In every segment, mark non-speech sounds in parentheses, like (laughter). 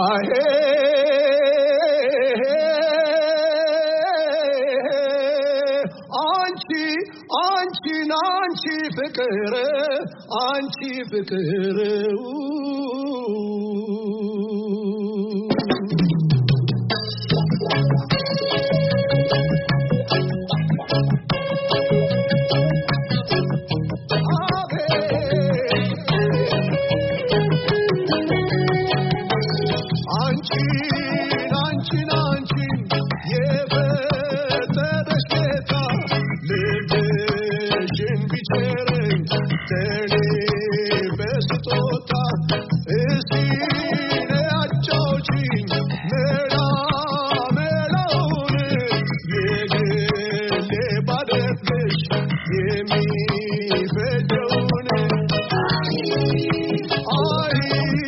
አንቺ አንቺ አንቺ ፍቅር አንቺ ፍቅር Paris.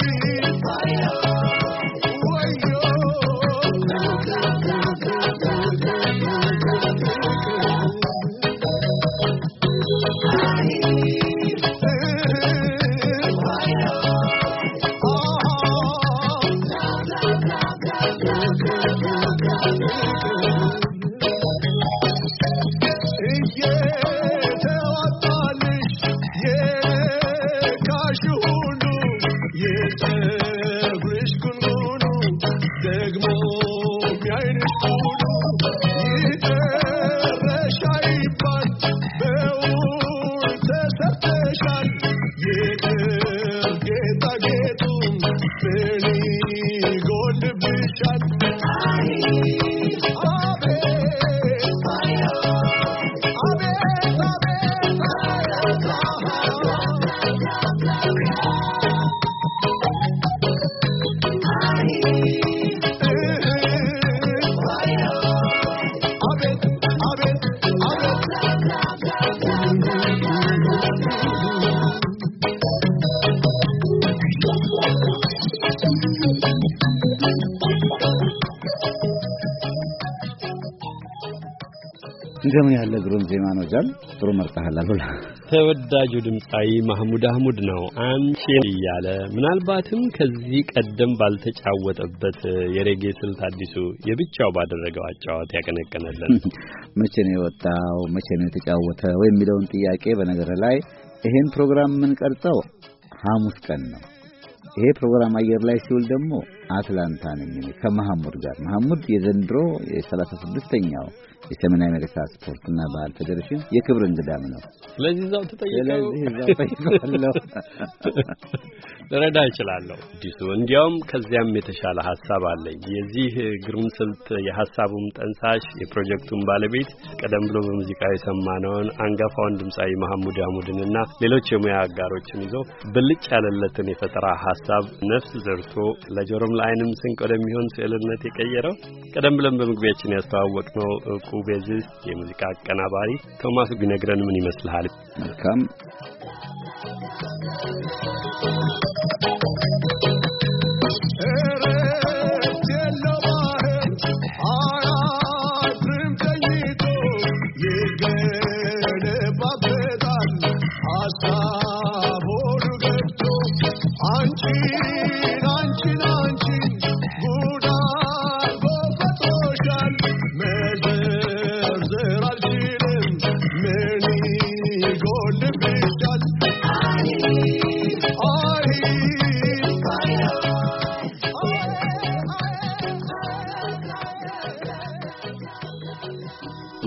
እንደምን ያለ ግሩም ዜማ ነው ጃል ጥሩ መርጣሃል አሉላ ተወዳጁ ድምፃዊ ማህሙድ አህሙድ ነው አንቺ እያለ ምናልባትም ከዚህ ቀደም ባልተጫወተበት የሬጌ ስልት አዲሱ የብቻው ባደረገው አጫወት ያቀነቀነለን (laughs) መቼ ነው የወጣው መቼ ነው ወይ የሚለውን ጥያቄ በነገር ላይ ይሄን ፕሮግራም የምንቀርጸው ሐሙስ ቀን ነው ይሄ ፕሮግራም አየር ላይ ሲውል ደግሞ አትላንታ ነኝ ከመሐሙድ ጋር መሐሙድ የዘንድሮ የ36 ተኛው የሰሜን አሜሪካ ስፖርትና ባህል ፌዴሬሽን የክብር እንግዳም ነው። ስለዚህ እዛው ተጠይቀው (laughs) ልረዳ እችላለሁ። አዲሱ እንዲያውም ከዚያም የተሻለ ሀሳብ አለኝ። የዚህ ግሩም ስልት የሀሳቡም ጠንሳሽ የፕሮጀክቱን ባለቤት ቀደም ብሎ በሙዚቃ የሰማነውን አንጋፋውን ድምፃዊ መሐሙድ አህሙድንና ሌሎች የሙያ አጋሮችን ይዞ ብልጭ ያለለትን የፈጠራ ሀሳብ ነፍስ ዘርቶ ለጆሮም ለአይንም ስንቅ ወደሚሆን ስዕልነት የቀየረው ቀደም ብለን በመግቢያችን ያስተዋወቅነው እውቁ ኩቤዝስ የሙዚቃ አቀናባሪ ቶማስ ቢነግረን ምን ይመስልሃል? መልካም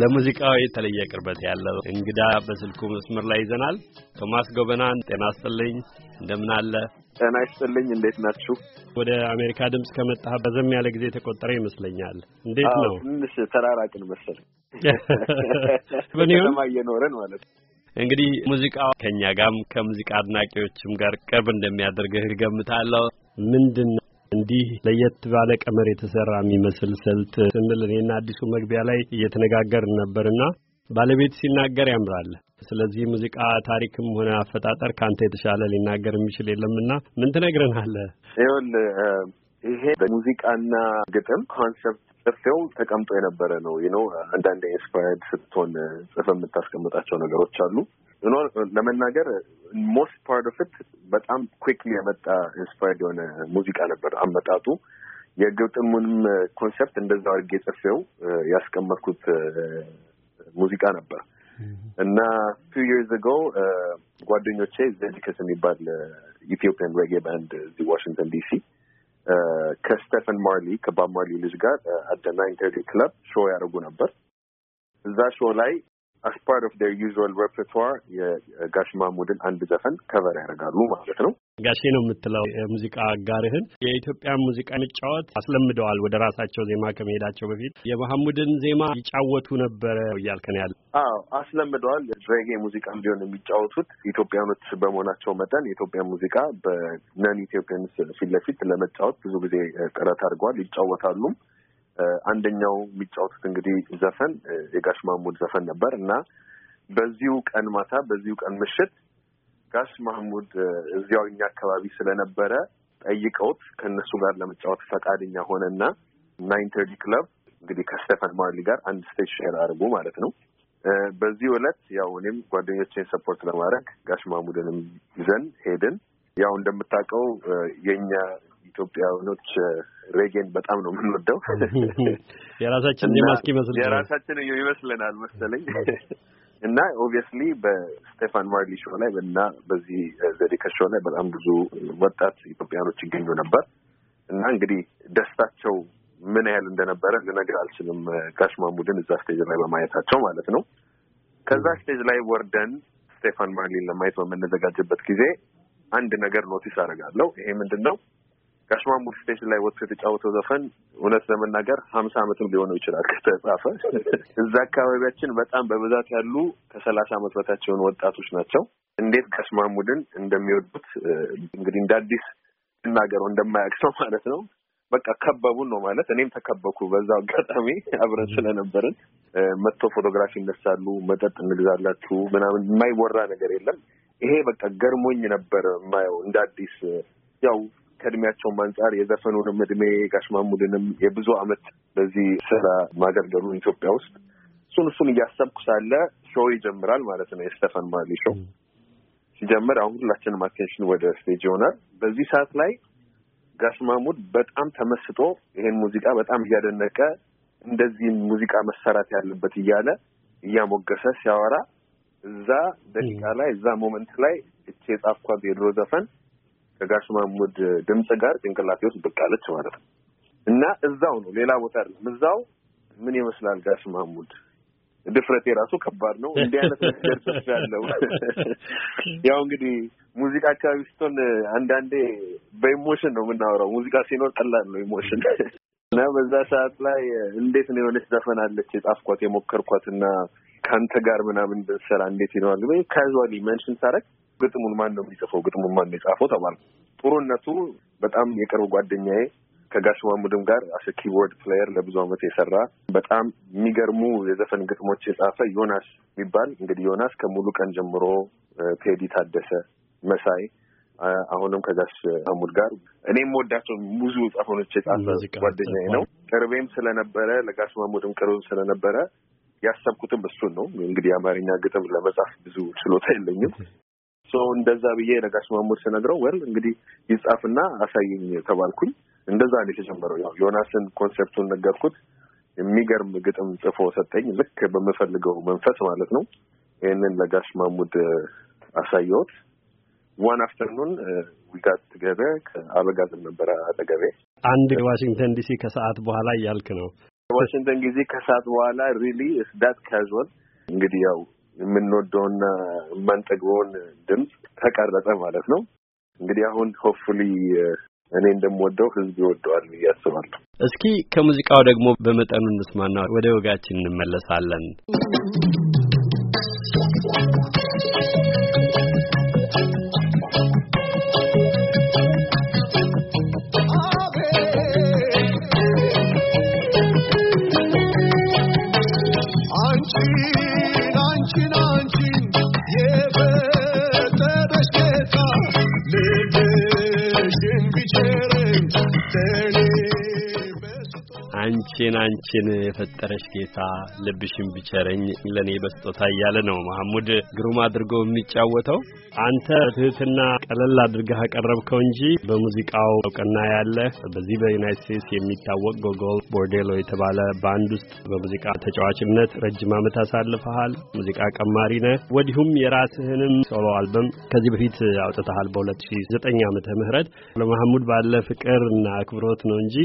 ለሙዚቃው የተለየ ቅርበት ያለው እንግዳ በስልኩ መስመር ላይ ይዘናል። ቶማስ ጎበናን ጤና ይስጥልኝ፣ እንደምን አለ? ጤና ይስጥልኝ፣ እንዴት ናችሁ? ወደ አሜሪካ ድምፅ ከመጣህ በዘም ያለ ጊዜ የተቆጠረ ይመስለኛል። እንዴት ነው? ትንሽ ተራራቅን መሰለኝ (laughs) ከተማ እየኖረን ማለት ነው። እንግዲህ ሙዚቃው ከእኛ ጋርም ከሙዚቃ አድናቂዎችም ጋር ቅርብ እንደሚያደርግህ እገምታለሁ። ምንድን እንዲህ ለየት ባለ ቀመር የተሰራ የሚመስል ስልት ስንል እኔና አዲሱ መግቢያ ላይ እየተነጋገርን ነበርና ባለቤት ሲናገር ያምራል። ስለዚህ ሙዚቃ ታሪክም ሆነ አፈጣጠር ከአንተ የተሻለ ሊናገር የሚችል የለምና ምን ትነግረናለህ? ይሁን ይሄ በሙዚቃና ግጥም ኮንሰፕት ጽፌው ተቀምጦ የነበረ ነው። ነው አንዳንድ ኢንስፓየርድ ስትሆን ጽፈ የምታስቀምጣቸው ነገሮች አሉ። ለመናገር ሞስት ፓርት ኦፍ ኢት በጣም ኩክሊ የመጣ ኢንስፓየርድ የሆነ ሙዚቃ ነበር አመጣጡ። የግጥሙንም ኮንሰፕት እንደዛው አድርጌ ጽፌው ያስቀመጥኩት ሙዚቃ ነበር እና ቱ ይርስ አጎ ጓደኞቼ ዘዲከስ የሚባል ኢትዮጵያን ሬጌ ባንድ እዚህ ዋሽንግተን ዲሲ uh, ከስቴፈን ማርሊ ከባብ ማርሊ ልጅ ጋር አደ ናይን ተርቲ ክለብ ሾው ያደርጉ ነበር። እዛ ሾው ላይ አስ ፓርት ኦፍ ዴር ዩዝዋል ሬፐርቶር የጋሽ ማሙድን አንድ ዘፈን ከቨር ያደርጋሉ ማለት ነው። ጋሼ ነው የምትለው የሙዚቃ አጋርህን የኢትዮጵያ ሙዚቃ መጫወት አስለምደዋል። ወደ ራሳቸው ዜማ ከመሄዳቸው በፊት የመሐሙድን ዜማ ይጫወቱ ነበረ እያልከን ያለ? አዎ አስለምደዋል። ሬጌ ሙዚቃም ቢሆን የሚጫወቱት ኢትዮጵያኖች በመሆናቸው መጠን የኢትዮጵያ ሙዚቃ በነን ኢትዮጵያንስ ፊት ለፊት ለመጫወት ብዙ ጊዜ ጥረት አድርገዋል፣ ይጫወታሉም አንደኛው የሚጫወቱት እንግዲህ ዘፈን የጋሽ ማሙድ ዘፈን ነበር እና በዚሁ ቀን ማታ በዚሁ ቀን ምሽት ጋሽ ማህሙድ እዚያው እኛ አካባቢ ስለነበረ ጠይቀውት ከእነሱ ጋር ለመጫወት ፈቃደኛ ሆነና ናይን ተርቲ ክለብ እንግዲህ ከስቴፈን ማርሊ ጋር አንድ ስቴጅ ሼር አድርጉ ማለት ነው። በዚህ ዕለት ያው እኔም ጓደኞቼን ሰፖርት ለማድረግ ጋሽ ማሙድንም ይዘን ሄድን። ያው እንደምታውቀው የእኛ ኢትዮጵያውያኖች ሬጌን በጣም ነው የምንወደው። (laughs) የራሳችን የማስክ ይመስል የራሳችን ይመስለናል መሰለኝ እና ኦብቪየስሊ በስቴፋን ማርሊ ሾ ላይ እና በዚህ ዘዴከ ሾ ላይ በጣም ብዙ ወጣት ኢትዮጵያኖች ይገኙ ነበር እና እንግዲህ ደስታቸው ምን ያህል እንደነበረ ልነግር አልችልም። ጋሽ ማሙድን እዛ ስቴጅ ላይ በማየታቸው ማለት ነው። ከዛ ስቴጅ ላይ ወርደን ስቴፋን ማርሊን ለማየት በምንዘጋጅበት ጊዜ አንድ ነገር ኖቲስ አደርጋለሁ። ይሄ ምንድን ነው? ጋሽማሙድ ስቴሽን ላይ ወጥቶ የተጫወተው ዘፈን እውነት ለመናገር ሀምሳ ዓመትም ሊሆነው ይችላል ከተጻፈ። (laughs) እዛ አካባቢያችን በጣም በብዛት ያሉ ከሰላሳ አመት በታች የሆኑ ወጣቶች ናቸው። እንዴት ከሽማሙድን እንደሚወዱት እንግዲህ እንደ አዲስ እናገረው እንደማያውቅ ሰው ማለት ነው። በቃ ከበቡን ነው ማለት እኔም ተከበኩ። በዛው አጋጣሚ አብረን ስለነበርን መጥቶ ፎቶግራፊ ይነሳሉ፣ መጠጥ እንግዛላችሁ ምናምን የማይወራ ነገር የለም። ይሄ በቃ ገርሞኝ ነበር ማየው እንደ አዲስ ያው ከእድሜያቸውም አንጻር የዘፈኑንም እድሜ ጋሽ ማሙድንም የብዙ አመት በዚህ ስራ ማገልገሉ ኢትዮጵያ ውስጥ እሱን እሱን እያሰብኩ ሳለ ሾው ይጀምራል ማለት ነው። የስተፈን ማሊ ሾው ሲጀምር አሁን ሁላችንም አቴንሽን ወደ ስቴጅ ይሆናል። በዚህ ሰዓት ላይ ጋሽ ማሙድ በጣም ተመስጦ ይሄን ሙዚቃ በጣም እያደነቀ እንደዚህ ሙዚቃ መሰራት ያለበት እያለ እያሞገሰ ሲያወራ እዛ ደቂቃ ላይ እዛ ሞመንት ላይ እቼ የጻፍኳት የድሮ ዘፈን ከጋሽ ማሙድ ድምፅ ጋር ጭንቅላቴ ውስጥ ብቅ አለች ማለት ነው። እና እዛው ነው፣ ሌላ ቦታ አይደለም። እዛው ምን ይመስላል ጋሽ ማሙድ ድፍረቴ ራሱ ከባድ ነው። እንዲህ አይነት ነገር ያለው (laughs) ያው እንግዲህ ሙዚቃ አካባቢ ስትሆን አንዳንዴ በኢሞሽን ነው የምናወራው። ሙዚቃ ሲኖር ቀላል ነው ኢሞሽን (laughs) እና በዛ ሰዓት ላይ እንዴት ነው የሆነች ዘፈን አለች የጻፍኳት የሞከርኳት እና ከአንተ ጋር ምናምን ብንሰራ እንዴት ይለዋል ግ ካዙዋሊ መንሽን ሳረግ ግጥሙን ማን ነው የሚጽፈው? ግጥሙን ማን ነው የጻፈው ተባልኩ። ጥሩነቱ በጣም የቅርብ ጓደኛዬ ከጋሽ ማሙድም ጋር አስ ኪቦርድ ፕሌየር ለብዙ ዓመት የሰራ በጣም የሚገርሙ የዘፈን ግጥሞች የጻፈ ዮናስ የሚባል እንግዲህ ዮናስ ከሙሉ ቀን ጀምሮ ቴዲ ታደሰ፣ መሳይ አሁንም ከጋሽ አሙድ ጋር እኔም ወዳቸው ብዙ ዘፈኖች የጻፈ ጓደኛዬ ነው። ቅርቤም ስለነበረ ለጋሽ ማሙድም ቅርብ ስለነበረ ያሰብኩትም እሱን ነው። እንግዲህ የአማርኛ ግጥም ለመጻፍ ብዙ ችሎታ የለኝም። እንደዛ ብዬ ነጋሽ ማሙድ ስነግረው ወል እንግዲህ ይጻፍና አሳየኝ ተባልኩኝ። እንደዛ ነው የተጀመረው። ያው ዮናስን ኮንሴፕቱን ነገርኩት። የሚገርም ግጥም ጽፎ ሰጠኝ። ልክ በምፈልገው መንፈስ ማለት ነው። ይህንን ለጋሽ ማሙድ አሳየሁት። ዋን አፍተርኑን ዊጋት ገበ ከአበጋዝም ነበረ አጠገቤ አንድ ዋሽንግተን ዲሲ ከሰዓት በኋላ እያልክ ነው ዋሽንግተን ጊዜ ከሰዓት በኋላ ሪሊ ስዳት ካዝዋል እንግዲህ ያው የምንወደውና የማንጠግበውን ድምፅ ተቀረጠ ማለት ነው። እንግዲህ አሁን ሆፕፉሊ እኔ እንደምወደው ህዝብ ይወደዋል ብዬ አስባለሁ። እስኪ ከሙዚቃው ደግሞ በመጠኑ እንስማና ወደ ወጋችን እንመለሳለን። Jesus ጌታዬን አንቺን የፈጠረሽ ጌታ ልብሽን ቢቸረኝ ለእኔ በስጦታ እያለ ነው መሐሙድ ግሩም አድርጎ የሚጫወተው። አንተ ትህትና ቀለል አድርገህ አቀረብከው እንጂ በሙዚቃው እውቅና ያለ በዚህ በዩናይት ስቴትስ የሚታወቅ ጎጎል ቦርዴሎ የተባለ ባንድ ውስጥ በሙዚቃ ተጫዋችነት ረጅም ዓመት አሳልፈሃል። ሙዚቃ ቀማሪ ነህ። ወዲሁም የራስህንም ሶሎ አልበም ከዚህ በፊት አውጥተሃል በ2009 ዓመተ ምህረት ለመሐሙድ ባለ ፍቅር እና አክብሮት ነው እንጂ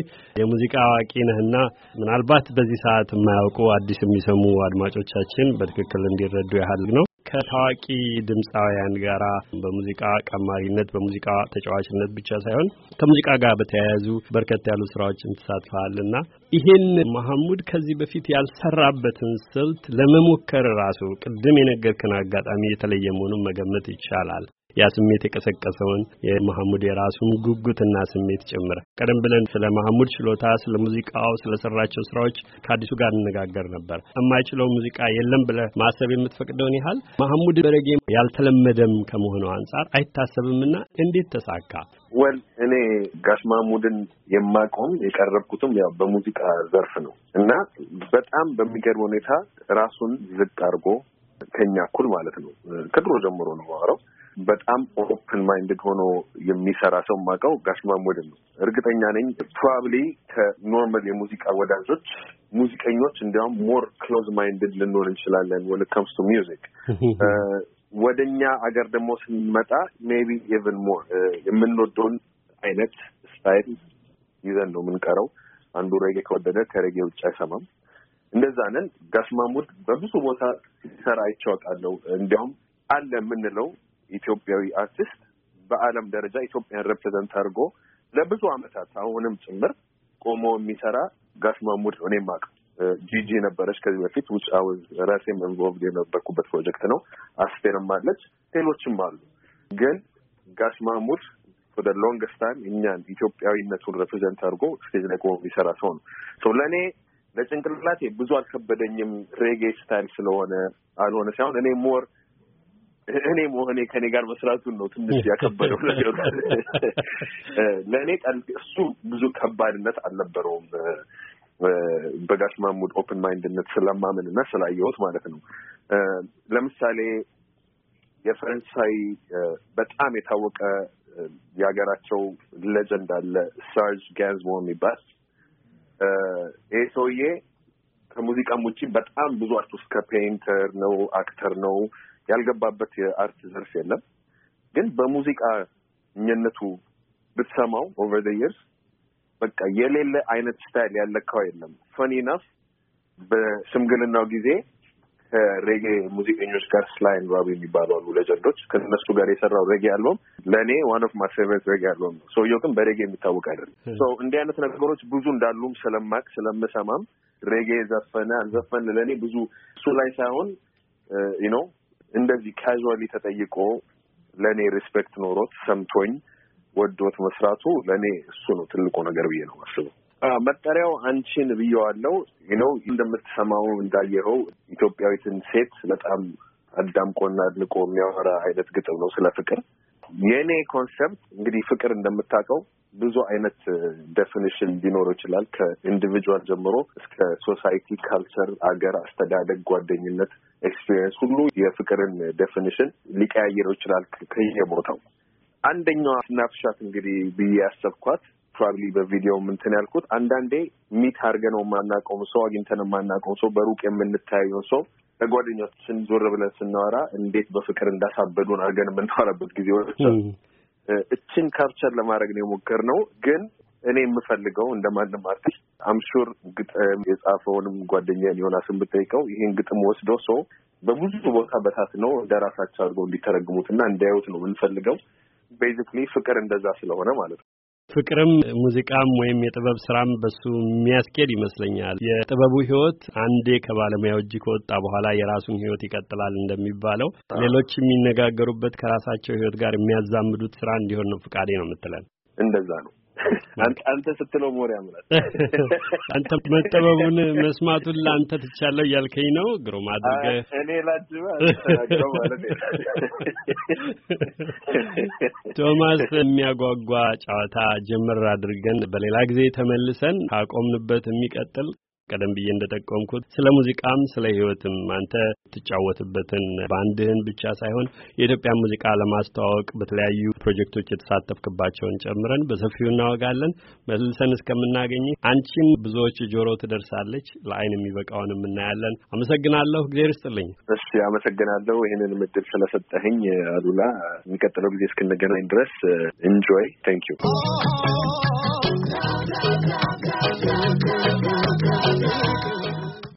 የሙዚቃ አዋቂ ነህና ምናልባት በዚህ ሰዓት የማያውቁ አዲስ የሚሰሙ አድማጮቻችን በትክክል እንዲረዱ ያህል ነው። ከታዋቂ ድምፃውያን ጋር በሙዚቃ ቀማሪነት በሙዚቃ ተጫዋችነት ብቻ ሳይሆን ከሙዚቃ ጋር በተያያዙ በርከት ያሉ ስራዎችን ተሳትፈሃል እና ይሄን መሐሙድ ከዚህ በፊት ያልሰራበትን ስልት ለመሞከር ራሱ ቅድም የነገርክን አጋጣሚ የተለየ መሆኑን መገመት ይቻላል። ያ ስሜት የቀሰቀሰውን የመሐሙድ የራሱን ጉጉትና ስሜት ጭምር ቀደም ብለን ስለ መሐሙድ ችሎታ፣ ስለ ሙዚቃው፣ ስለ ሰራቸው ስራዎች ከአዲሱ ጋር እንነጋገር ነበር። የማይችለው ሙዚቃ የለም ብለ ማሰብ የምትፈቅደውን ያህል መሐሙድ በረጌ ያልተለመደም ከመሆኑ አንጻር አይታሰብምና እንዴት ተሳካ? ወል እኔ ጋሽ ማሙድን የማቆም የቀረብኩትም ያው በሙዚቃ ዘርፍ ነው እና በጣም በሚገርም ሁኔታ ራሱን ዝቅ አድርጎ ከኛ እኩል ማለት ነው ከድሮ ጀምሮ ነው ማወራው በጣም ኦፕን ማይንድድ ሆኖ የሚሰራ ሰው ማቀው ጋሽ ማሞድን ነው። እርግጠኛ ነኝ ፕሮባብሊ ከኖርማል የሙዚቃ ወዳጆች ሙዚቀኞች እንዲያውም ሞር ክሎዝ ማይንድድ ልንሆን እንችላለን ወን ከምስ ቱ ወደ እኛ አገር ደግሞ ስንመጣ ሜቢ ኢቨን ሞር የምንወደውን አይነት ስታይል ይዘን ነው የምንቀረው። አንዱ ሬጌ ከወደደ ከሬጌ ውጭ አይሰማም። እንደዛ ነን። ጋሽ ማሙድ በብዙ ቦታ ሲሰራ አይቼው አውቃለሁ። እንዲያውም አለ የምንለው ኢትዮጵያዊ አርቲስት በዓለም ደረጃ ኢትዮጵያን ሬፕሬዘንት አድርጎ ለብዙ ዓመታት አሁንም ጭምር ቆሞ የሚሰራ ጋሽ ማሙድ ነው። እኔም አቅ ጂጂ ነበረች ከዚህ በፊት ውጭ አውዝ ራሴም ኢንቮልቭድ የነበርኩበት ፕሮጀክት ነው። አስቴርም አለች፣ ሌሎችም አሉ። ግን ጋሽ ማሙድ ወደ ሎንገስት ታይም እኛን ኢትዮጵያዊነቱን ሬፕሬዘንት አድርጎ ስቴጅ ላይ ቆሞ የሚሰራ ሰው ነው። ለእኔ ለጭንቅላቴ ብዙ አልከበደኝም። ሬጌ ስታይል ስለሆነ አልሆነ ሳይሆን እኔ ሞር እኔ መሆኔ ከኔ ጋር መስራቱን ነው ትንሽ ያከበደው (laughs) ነገር። ለእኔ እሱ ብዙ ከባድነት አልነበረውም በጋሽ ማሙድ ኦፕን ማይንድነት ስለማምን እና ስላየሁት ማለት ነው። ለምሳሌ የፈረንሳይ በጣም የታወቀ የሀገራቸው ሌጀንድ አለ ሰርጅ ጋንዝቦ የሚባል ይህ ሰውዬ ከሙዚቃም ውጭ በጣም ብዙ አርቲስት ከፔይንተር ነው፣ አክተር ነው ያልገባበት የአርት ዘርፍ የለም። ግን በሙዚቃ እኝነቱ ብትሰማው ኦቨር ዘ ይርስ በቃ የሌለ አይነት ስታይል ያለካው የለም። ፈኒ ናፍ በሽምግልናው ጊዜ ከሬጌ ሙዚቀኞች ጋር ስላይን ሮቢ የሚባሉ አሉ ሌጀንዶች። ከነሱ ጋር የሰራው ሬጌ አልበም ለእኔ ዋን ኦፍ ማይ ፌቨሪት ሬጌ አልበም ነው። ሰውየው ግን በሬጌ የሚታወቅ አይደለም። hmm. እንዲህ አይነት ነገሮች ብዙ እንዳሉም ስለማቅ ስለምሰማም ሬጌ ዘፈነ አልዘፈን ለእኔ ብዙ እሱ ላይ ሳይሆን ነው uh, እንደዚህ ካዥዋሊ ተጠይቆ ለእኔ ሪስፔክት ኖሮት ሰምቶኝ ወዶት መስራቱ ለእኔ እሱ ነው ትልቁ ነገር ብዬ ነው ማስበው። መጠሪያው አንቺን ብየዋለው ነው። እንደምትሰማው እንዳየኸው ኢትዮጵያዊትን ሴት በጣም አዳምቆና አድንቆ የሚያወራ አይነት ግጥም ነው ስለ ፍቅር። የእኔ ኮንሰፕት እንግዲህ ፍቅር እንደምታውቀው ብዙ አይነት ዴፊኒሽን uh, ሊኖረው ይችላል። ከኢንዲቪጁዋል ጀምሮ እስከ ሶሳይቲ፣ ካልቸር፣ አገር፣ አስተዳደግ፣ ጓደኝነት፣ ኤክስፒሪየንስ ሁሉ የፍቅርን ዴፊኒሽን ሊቀያየረው ይችላል ከየቦታው። አንደኛዋ ስናፕሻት እንግዲህ ብዬ ያሰብኳት ፕሮባብሊ በቪዲዮ ምንትን ያልኩት አንዳንዴ ሚት አድርገነው የማናውቀውም ሰው አግኝተን የማናውቀውም ሰው በሩቅ የምንታያየውን ሰው ከጓደኞችን ዞር ብለን ስናወራ እንዴት በፍቅር እንዳሳበዱን አድርገን የምናወራበት ጊዜ እችን ካፕቸር ለማድረግ ነው የሞከር ነው ግን እኔ የምፈልገው እንደ ማንም አርቲስት አምሹር ግጥም የጻፈውንም ጓደኛዬን ዮናስን ብጠይቀው ይህን ግጥም ወስዶ ሰው በብዙ ቦታ በታት ነው እንደ ራሳቸው አድርገው እንዲተረግሙት እና እንዳያዩት ነው የምንፈልገው። ቤዚክሊ ፍቅር እንደዛ ስለሆነ ማለት ነው። ፍቅርም ሙዚቃም ወይም የጥበብ ስራም በሱ የሚያስኬድ ይመስለኛል። የጥበቡ ህይወት አንዴ ከባለሙያው እጅ ከወጣ በኋላ የራሱን ህይወት ይቀጥላል እንደሚባለው ሌሎች የሚነጋገሩበት ከራሳቸው ህይወት ጋር የሚያዛምዱት ስራ እንዲሆን ነው። ፍቃዴ ነው የምትለን እንደዛ ነው። (laughs) አንተ ስትለው ሞር ያምራል። (laughs) አንተ መጠበቡን መስማቱን ለአንተ ትቻለው እያልከኝ ነው። ግሩም አድርገህ እኔ ላጅበ ማለት (laughs) ቶማስ፣ የሚያጓጓ ጨዋታ ጀምር አድርገን በሌላ ጊዜ ተመልሰን ካቆምንበት የሚቀጥል ቀደም ብዬ እንደጠቆምኩት ስለ ሙዚቃም ስለ ህይወትም አንተ ትጫወትበትን ባንድህን ብቻ ሳይሆን የኢትዮጵያ ሙዚቃ ለማስተዋወቅ በተለያዩ ፕሮጀክቶች የተሳተፍክባቸውን ጨምረን በሰፊው እናወጋለን። መልሰን እስከምናገኝ አንቺም ብዙዎች ጆሮ ትደርሳለች፣ ለአይን የሚበቃውን እናያለን። አመሰግናለሁ። እግዜር ይስጥልኝ። እሺ፣ አመሰግናለሁ ይህንን ምድል ስለሰጠህኝ አሉላ። የሚቀጥለው ጊዜ እስክንገናኝ ድረስ ኢንጆይ። ታንክ ዩ go, go, go, go, go, go, go, go.